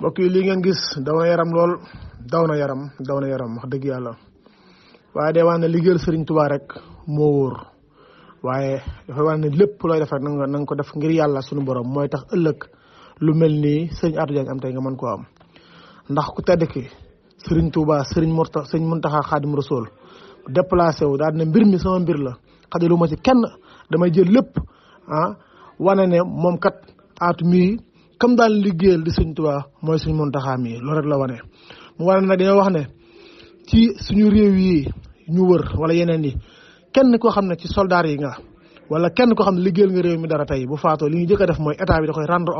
mbokk yi lii ngeen gis daw na yaram lool daw na yaram daw na yaram wax dëgg yàlla waaye day wane ne liggéeyal Sëriñ Tuubaa rek moo wóor waaye dafay wane ne lépp looy def rek na nga ko def ngir yàlla suñu borom mooy tax ëllëg lu mel nii sëriñ Atou Diagne am tey nga mën koo am ndax ku tedd ki Sëriñ Tuubaa Sëriñ Murta Sëriñ Muntaxa Xaadim Rasuul déplacé wu daal ne mbir mi sama mbir la xajalu ma ci kenn damay jël lépp ah wane ne moom kat aatu mii comme daan liggéeyal di sëñ Tuubaa mooy suñ Muntaxaa mi loolu rek la wane mu wane nag dañoo wax ne ci suñu réew yi ñu wër wala yeneen yi kenn koo xam ne ci soldaar yi nga wala kenn koo xam ne liggéeyal nga réew mi dara tey bu faatoo li ñu jëkk a def mooy état bi da koy rendre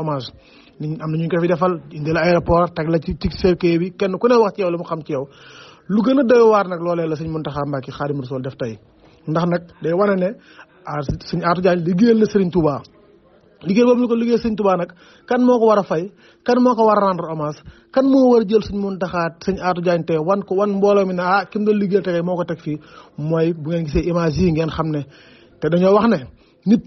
ko fi defal indi la aéroport teg la ci ci bi kenn ku ne wax ci yow lu mu xam ci yow lu gën a doy waar nag loolee la sëñ Muntaxaa Mbàkke Xaadimu Rasuul def tey ndax nag day wane ne ah, suñu aatu jaan liggéeyal la Sëriñ Tuubaa liggéey boobu ñu ko liggéey sëñ Tuubaa nag kan moo ko war a fay kan moo ko war a rendre kan moo war a jël suñ mun taxaat sëñ Aatu Jaañ tey wan ko wan mbooloo mi ne ah kim doon liggéey tey moo ko teg fii mooy bu ngeen gisee image yi ngeen xam ne te dañoo wax ne nit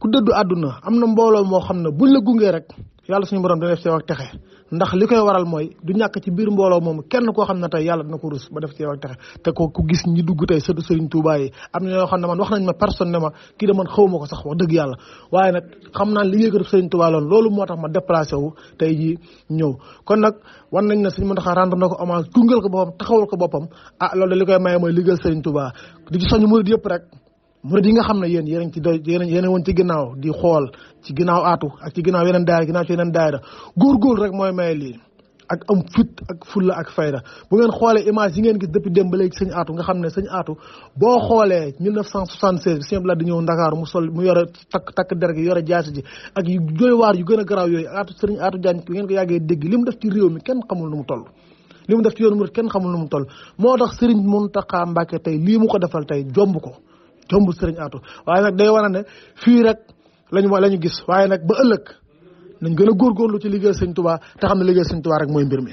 ku dëddu àdduna am na mbooloo moo xam ne buñ la gungee rek yàlla suñu borom dana def ci ak texe ndax li koy waral mooy du ñàkk ci biir mbooloo moomu kenn koo xam ne tey yàlla dana ko rus ba def ci ak texe te ko gis ñi dugg tey sëtu Serigne Touba yi am na ñoo xam ne man wax nañ ma personne ne ma kii de ma ko sax wax dëgg yàlla waaye nag xam naa liggéey ko def Serigne Touba loolu loolu moo tax ma déplacé wu tey jii ñëw kon nag wan nañ ne suñu mën taxaa rendre na ko hommage gungal ko boppam taxawal ko boppam ah loolu da koy maye mooy liggéeyal Serigne Touba di ci soñu murid yëpp rek murid yi nga xam ne yéen yéen ci doy yéen yéen woon ci ginnaaw di xool ci ginnaaw aatu ak ci ginnaaw yeneen daayira ginnaaw ci yeneen daayira góorgóor rek mooy maye lii ak am fit ak fulla ak fayda bu ngeen xoolee image yi ngeen gis depuis démb ba léegi sëñ aatu nga xam ne sëñ aatu boo xoolee 1976 sëñ Abdou Lahad di ñëw Ndakaaru mu sol mu yore takk takk der gi yore jaasi ji ak yu waar yu gën a garaaw yooyu aatu sëriñ aatu Jaañ bu ngeen ko yàggee dégg li mu def ci réew mi kenn xamul nu toll mu def ci yoonu murid xamul nu mu toll moo tax sëriñ Muntaxa Mbàkke tey lii mu ko defal tey jomb ko jombul sëriñ aatu waaye nag day wane ne fii rek lañ wa la ñu gis waaye nag ba ëllëg nañ gën a góorgóorlu ci liggéey sëñ tubaa te xam ne liggéey sëñ rek mooy mbir mi